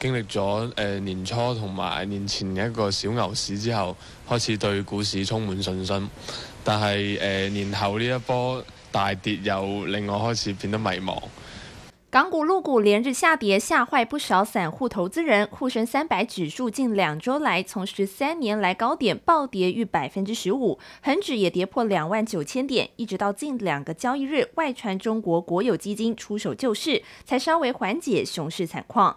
經歷咗誒、呃、年初同埋年前一個小牛市之後，開始對股市充滿信心。但係誒、呃、年後呢一波大跌，又令我開始變得迷茫。港股陸股連日下跌，嚇壞不少散戶投資人。滬深三百指數近兩周來從十三年來高點暴跌逾百分之十五，恒指也跌破兩萬九千點，一直到近兩個交易日外傳中國國有基金出手救市，才稍微緩解熊市慘況。